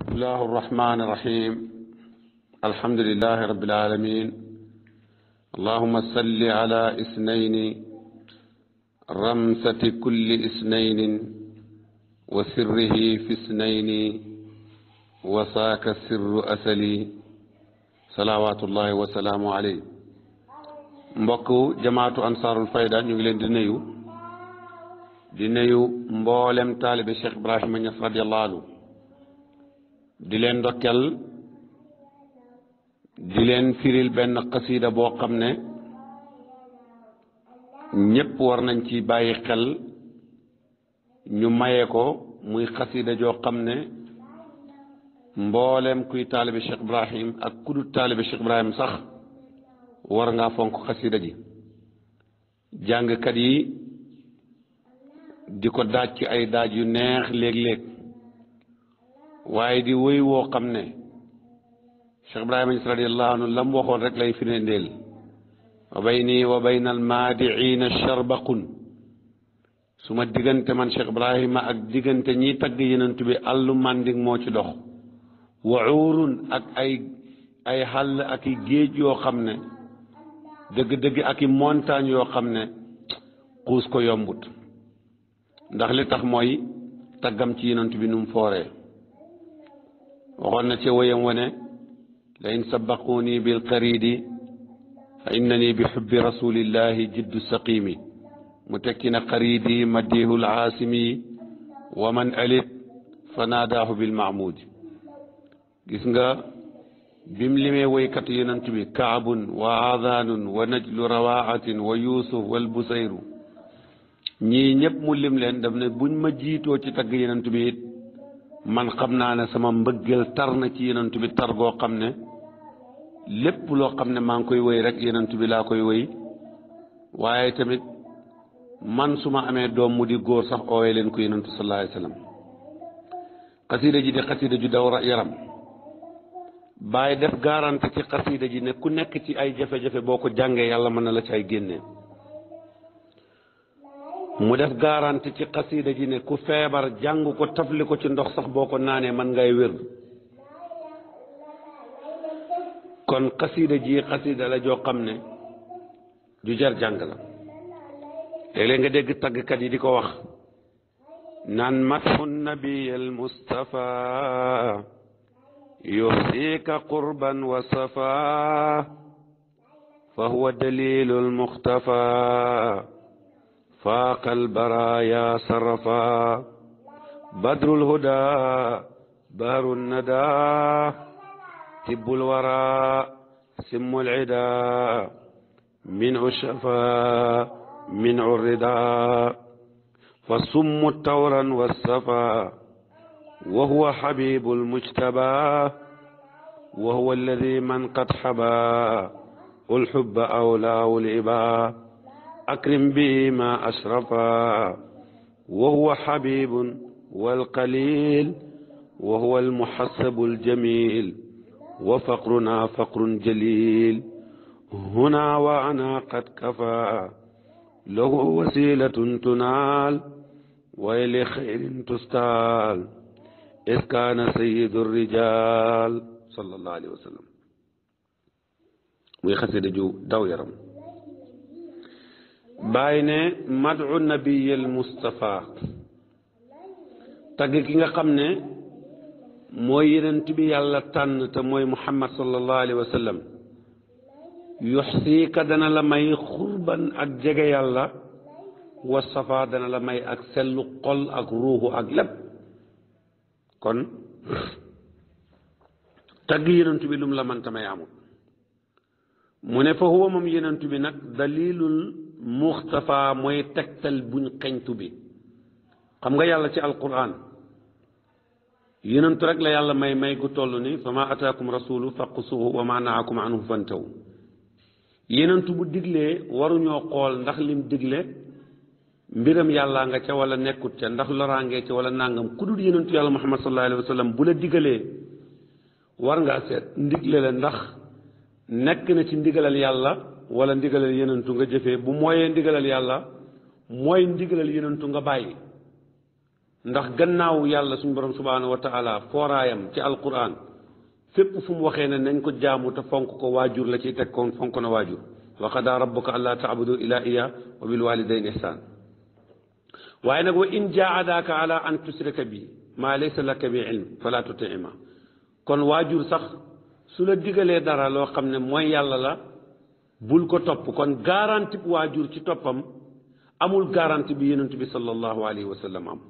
بسم الله الرحمن الرحيم الحمد لله رب العالمين اللهم صل على اثنين رمسة كل اثنين وسره في اثنين وساك السر أسلي salawaatu llahi wa salaamu alayhi mbokk jamaatu ansaarul fayda ñu ngi leen di nuyu di nuyu mboolem taalibe Cheikh Ibrahima Niass radiyallahu anhu di leen ndokkeel di leen firil benn xasiida boo xam ne ñépp war nañ ci bàyyi xel ñu mayeeko muy xasiida joo xam ne mboolem kuy taalibe Cheikh Ibrahim ak kudu taalibe Cheikh Ibrahim sax war ngaa fonk xasiida ji jàngkat yi di ko daaj ci ay daaj yu neex léeg-léeg waaye di wëy woo xam ne Cheikh Ibrahima Niass radiallahu anhu lam waxoon rek lay firndeel wa bayni wa bayna almaadiina sharbaqun su suma diggante man Cheikh Ibrahima ak diggante ñiy tagg yenentu bi àll màndik moo ci dox waxuurun ak ay ay xàll ak i géej yoo xam ne dëgg-dëgg ak i montagne yoo xam ne xuus ko yombut ndax li tax mooy taggam ci yenentu bi nu mu fooree waxoon na ca wéyam wane la in sabaquni bil qaridi fa innani bi xubbi rasulillahi jiddu saqimi mu tekki na qaridi madihul aasimi wa man alib fa naadaahu bil mahmudi gis nga bim limee woykatu yonent bi kaabun wa adaanun wa najlu rawaatin wa yuusuf wal busayru ñii ñëpp mu lim leen daf ne buñ ma jiitoo ci tagg yonent bi it man xam naa ne sama mbëggeel tar na ci yenant bi tar goo xam ne lépp loo xam ne maa ngi koy woy rek yenant bi laa koy woy waaye tamit man su ma amee doom mu di góor sax ooye leen ko yenantu sallallahu alayhi wasallam xasiida ji di xasiida ju daw yaram bàyyi def garanti ci xasiida ji ne ku nekk ci ay jafe-jafe boo ko jàngee yàlla mën na la ci ay génnee mu def garanti ci xasiida ji ne ku feebar jàng ko tafli ko ci ndox sax boo ko naanee man ngay wér kon xasiida ji xasiida la joo xam ne ju jar jàng la léeg-léeg nga dégg tàggkat yi di ko wax naan matxu nabiy al mustafa yuxsika qurban wa safa fa huwa dalilu al فاق البرايا صرفا بدر الهدى بار الندى تب الورى سم العدا منع الشفا منع الرضا فصم التورا والصفا وهو حبيب المجتبى وهو الذي من قد حبى الحب أولى الإبا akrim bi ma asrafa wa huwa xabibun walqalil wa huwa almuhasabu aljamil wa faqruna faqrun jalil huna wa ana qad kafa lahu wasilatun tunaal wa li xayrin tustaal is kaana sayyidu rijal sallallahu alayhi wa sallam muy xasida ju daw yaram bàyyi ne madu nabiyil Mustafa tagg ki nga xam ne mooy yenent bi yàlla tànn ta mooy muhammad sallallahu alayhi wa sallam yuxsiika dana la may xurban ak jege yàlla wa safa dana la may ak sellu xol ak ruuxu ak lépp kon tagg yenent bi lum la mënta may amul mu ne fa huwa moom yenent bi nag dalilul muxtafa mooy tegtal buñ xeñtu bi xam nga yàlla ci alquran yonentu rek la yàlla may may gu toll ni fa ma ataakum rasulu faqusuhu wa ma naakum anhu fantaw yonentu bu diglee waruñoo xool ndax lim digle mbiram yàllaa nga ca wala nekkut ca ndax loraangee ca wala nangam ku dul yonentu yàlla muhammad sallallahu alayhi wa sallam bu la digalee war ngaa seet ndigle la ndax nekk na ci ndigalal yàlla wala ndigalal yenentu nga jëfee bu mooyee ndigalal yàlla mooy ndigalal yenentu nga bàyyi ndax gannaaw yàlla suñu borom subhaanahu wa fooraayam ci alquran fépp fu mu waxee ne nañ ko jaamu te fonk ko waajur la ciy teg koon fonk na waajur wa qadaa rabbuka allaa ilaa iya wa bil walidaine ihsaan waaye nag wa in jaahadaaka ala an tusrika bi maa laysa laka bi ilm fala tutima kon waajur sax su la digalee dara loo xam ne mooy yàlla la bul ko topp kon garanti waajur ci toppam amul garanti bi yonent bi sallallahu alayhi wa sallam am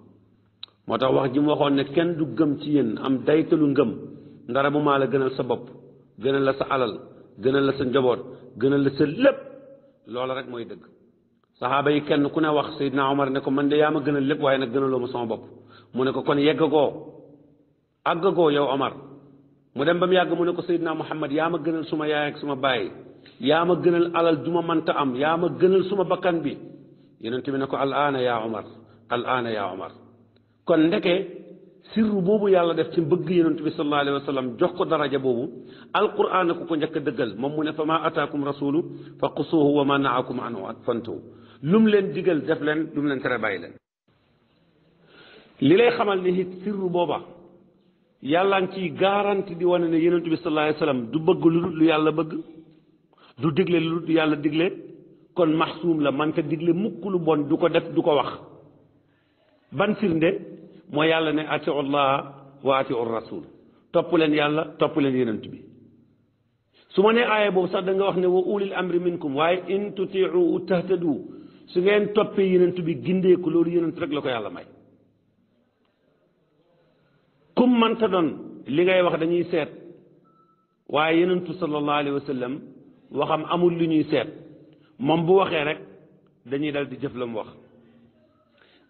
moo tax wax jim waxoon ne kenn du gëm ci yéen am daytalu ngëm ndara bu maa la gënal sa bopp gënal la sa alal gënal la sa njaboot gënal la sa lépp loolu rek mooy dëgg saxaaba yi kenn ku ne wax Seydina Omar ne ko man de yaa ma gënal lépp waaye nag gënaloo ma sama bopp mu ne ko kon yeggagoo àggagoo yow Omar mu dem ba mu yàgg mu ne ko Seydina Muhammad yaa ma gënal suma yaay suma baay yaa ma gënal alal ju ma mënta am yaa ma gënal suma bakkan bi yonent bi ne ko al aana yaa omar al aana yaa kon ndeke sirru boobu yàlla def ci bëgg yonent bi sallallahu alayhi wa sallam jox ko daraja boobu alquran ku ko njëkk a dëggal moom mu ne fa maa ataakum rasulu fa qusuuhu wa ma naakum anhu ak fantuhu lu mu leen digal def leen lu leen tere bàyyi leen li lay xamal ni it sirru booba yàlla ngi ciy di wane ne yonent bi sallallahu alayhi wa sallam du bëgg lu lu yàlla du digle lu yàlla digle kon maxsuum la man ta digle mukk lu bon du ko def du ko wax ban firnde moo yàlla ne atiu waa wa atiu topp leen yàlla topp leen yonent bi su ma nee aaya boobu sax da nga wax ne wa ulil amri minkum waaye in tutiu tahtadu su ngeen toppee yonent bi gindeeku loolu yonent rek la ko yàlla may kum mënta doon li ngay wax dañuy seet waaye yonentu sallallahu wa sallam waxam amul lu ñuy seet moom bu waxee rek dañuy dal di jëf la mu wax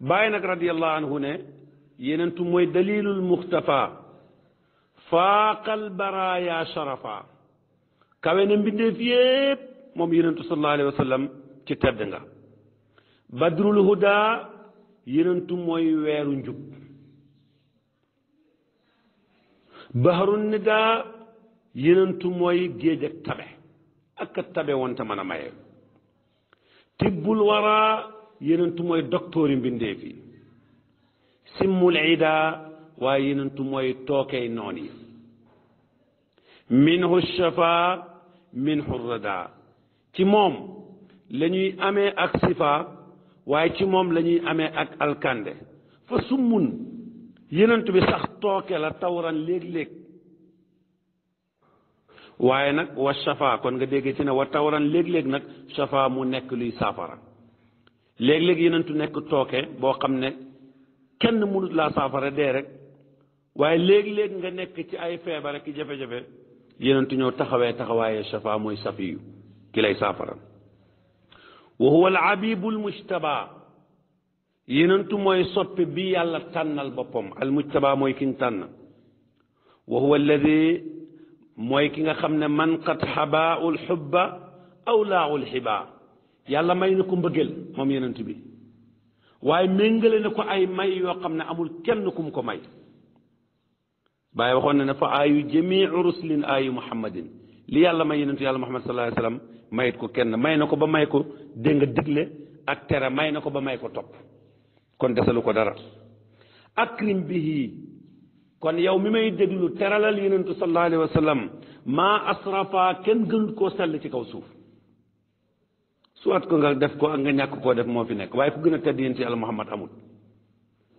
bàyyi nag radiallahu anhu ne yenentu mooy dalilul muxtafa faaqal baraaya sharafa kawe na mbindeef yépp moom yenentu sallallahu alayhi wa sallam ci tedd nga badrul huda yenentu mooy weeru njub baharun nida yenentu mooy géej ak tabe ak a tabe woon te mën a maye tibbul waraa yenentu mooy doktoori mbindeef yi simmul idaa waaye yenentu mooy tookey noon yi minhu shafaa minhu radaa ci moom la ñuy amee ak sifaa waaye ci moom la ñuy amee ak alkande fa summun yenentu bi sax tooke la tawran léeg-léeg waaye nag wa shafa kon nga dégg ci ne wa tawran léeg-léeg nag shafa mu nekk luy saafara léeg-léeg yenentu nekk tooke boo xam ne kenn mënut laa saafara dee rek waaye léeg-léeg nga nekk ci ay feebar ak jafe-jafe yenentu ñoo taxawee taxawaaye shafa mooy safiyu ki lay saafara wa huwa al abibul mujtaba yenentu mooy soppe bi yàlla tànnal boppam al mujtaba mooy kiñ tànn wa huwa alladi mooy ki nga xam ne man qad xabaaul xubba aw laawul xibaa yàlla may na ko mbëggeel moom yonent bi waaye méngale na ko ay may yoo xam ne amul kenn kum ko may bàyyi waxoon na ne fa aayu jamii ruslin aayu muhammadin li yàlla may yonentu yàlla muhammad sallallahu alayhi wasallam mayit ko kenn may na ko ba may ko dégg digle ak tere may na ko ba may ko topp kon desalu ko dara akrim bihi kon yow mi may déglu teralal yonentu sallallahu alayhi wa sallam maa asrafa kenn gën koo sell ci kaw suuf suwaat ko nga def ko ak nga ñàkk koo def moo fi nekk waaye ku gën a tedd yonent yàlla Muhammad amul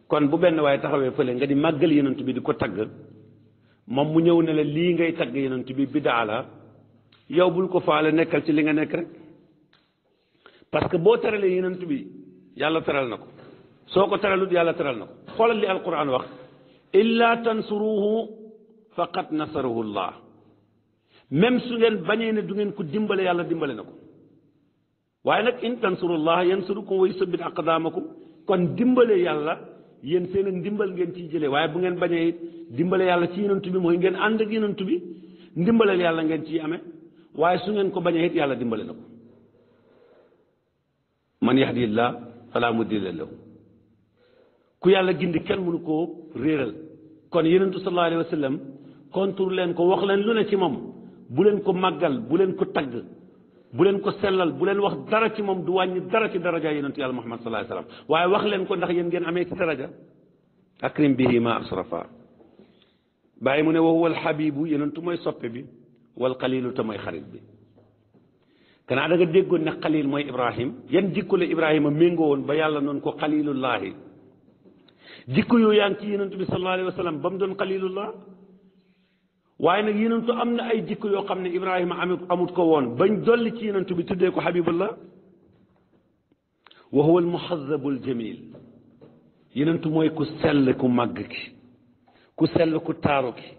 kon bu benn waaye taxawee fële nga di màggal yonent bi di ko tagg moom mu ñëw ne la lii ngay tagg yonent bi bidaa la yow bul ko faale nekkal ci li nga nekk rek parce que boo teralee yonent bi yàlla teral na ko soo ko teralut yàlla teral na ko xoolal li alquran wax illa tansuruhu faqad nasarahu llah même su ngeen bañee ne du ngeen ko dimbale yàlla dimbale na ko waaye nag in ko yansurukum wa yusabbit aqdaamakum kon dimbale yàlla yéen seen dimbal ngeen ciy jëlee waaye bu ngeen bañee dimbale yàlla ci yonent bi mooy ngeen ànd ak yonent bi ndimbalal yàlla ngeen ciy amee waaye su ngeen ko bañee it yàlla dimbale na ko man yahdillah fala mudilla lahu ku yàlla gindi kenn mënu koo réeral kon yenentu sallallahu alayhi wa sallam kontur leen ko wax leen lu ne ci moom bu leen ko màggal bu leen ko tagg bu leen ko sellal bu leen wax dara ci moom du wàññi dara ci daraja yenentu yàlla muhammad sallallahu alayhi wa sallam waaye wax leen ko ndax yéen ngeen amee ci daraja akrim bihi ma asrafa bàyyi mu ne wa huwa alxabibu yenentu mooy soppe bi wal xalilu te mooy xarit bi kanaa da nga déggoon ne xalil mooy ibrahim yan jikko la ibrahima méngoo woon ba yàlla noonu ko xalilullahi jikko yooyu yaa ngi ci bi sallallahu alayhi wa sallam ba mu doon xalilullah waaye nag yenentu am na ay jikko yoo xam ne ibrahima am amut ko woon bañ dolli ci yenentu bi tuddee ko habibullah wa huwa yenentu mooy ku sell ku ku taaru ki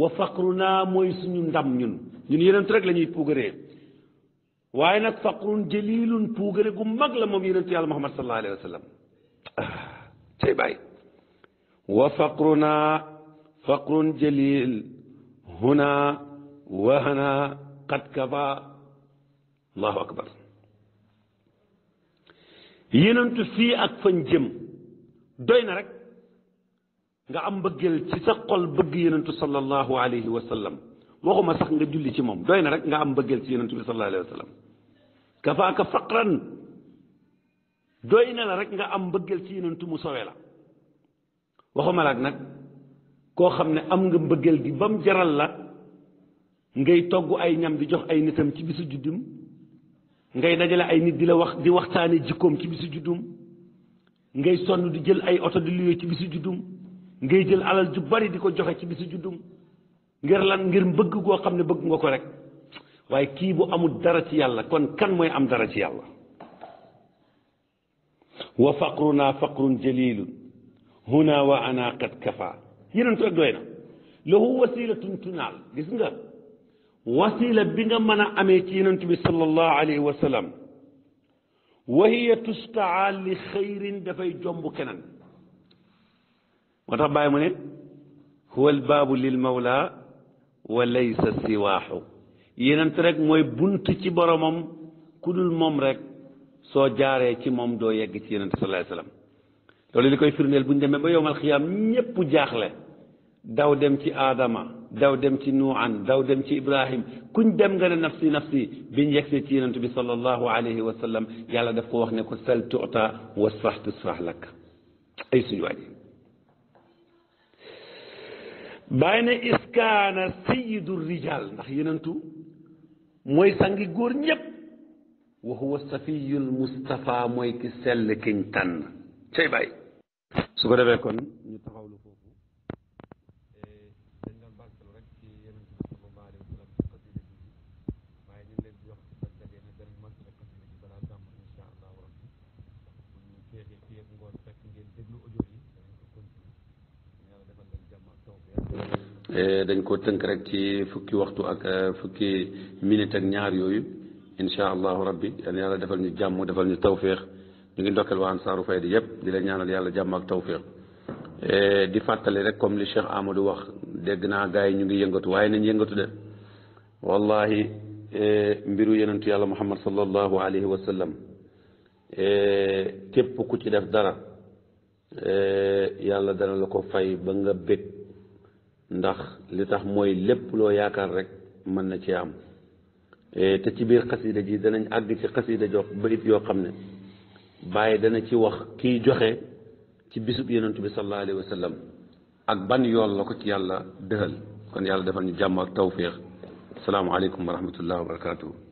wa mooy suñu ndam ñun ñun yenentu rek la ñuy puugaree waaye nag faqrun jalilun puugare gu mag la moom yenentu yàlla muhammad sallallahu alayhi wa tey bàyyi wa faqruna faqrun jalil huna wahana qad kafa allahu akbar yenentu fii ak fañ jëm doy na rek nga am mbëggeel ci sa xol bëgg yenentu sallallahu alayhi wa sallam waxuma sax nga julli ci moom doy na rek nga am mbëggeel ci yenentu bi sallallahu alayhi wa sallam kafaaka faqran doy na la rek nga am mbëggeel ci yonentu mu sowe la waxuma laak nag koo xam ne am nga mbëggeel gi ba mu jaral la ngay togg ay ñam di jox ay nitam ci bisu juddum ngay dajale ay nit di la wax di waxtaane jikkoom ci bisu juddum ngay sonn di jël ay oto di luye juddum ngay jël alal ju bari di ko joxe ci bisu juddum ngir lan ngir mbëgg goo xam ne bëgg nga ko rek waaye kii bu amul dara ci yàlla kon kan mooy am dara ci yàlla wa faqruna faqrun jalilun huna wa ana qad kafa yenentu rek doy na lahu wasilatun tunaal gis nga wasila bi nga mën a amee ci yenentu bi sallallahu alayhi wa sallam wa hiya tustaa li xayrin dafay jomb keneen moo tax bàyyi mu ne huwa albaabu lil mawla wa laysa siwaahu yenent rek mooy bunt ci boromam ku dul moom rek soo jaaree ci moom doo yegg ci yonente sallallahu alayhi wasallam loolu li koy firndeel bu ñu demee ba yowmal xiyaam ñépp jaaxle daw dem ci aadama daw dem ci nuuhan daw dem ci ibrahim kuñ dem nga ne nafsi nafsi biñ yegsee ci yonent bi sallallahu alayhi wa sallam yàlla daf ko wax ne ko sal tuta wasfah tusfah lak ay suñu waaji bàyyi ne iskaana sayidu rijal ndax yonentu mooy sangi góor ñépp wa huwa safiyul mustafa mooy ki sell kiñ tànn cay bàyyi su ko defee kon ñu taxawlu foofu eh, dañ ko continuer eh, dañ ko tënk rek ci fukki waxtu ak eh, fukki minute ak ñaar yooyu incha allahu rabbi yal na yàlla defal ñu jàmm defal ñu tawféex ñu ngi ndokkeel waa Ansaaru Fayda yëpp di la ñaanal yàlla jàmm ak tawféex e, di fàttali rek comme li Cheikh Amadou wax dégg naa gars yi ñu ngi yëngatu waaye nañ yëngatu de wallahi e, mbiru yenentu yàlla muhammad sallallahu alayhi wa sallam e, képp ku ci def dara yàlla dana la ko fay ba nga bég ndax li tax mooy lépp loo yaakaar rek mën na ci am Eh, te ci biir xasida ji danañ àgg ci xasida jox bayit yoo xam ne bàyyi dana ci wax kiy joxe ci bisub yonent bi sallallahu alayhi wa sallam ak ban yoon la ko ci yàlla dëxal kon yàlla defal ñu jàmm ak tawfiix salaamaaleykum wa rahmatullah wa barakatuhu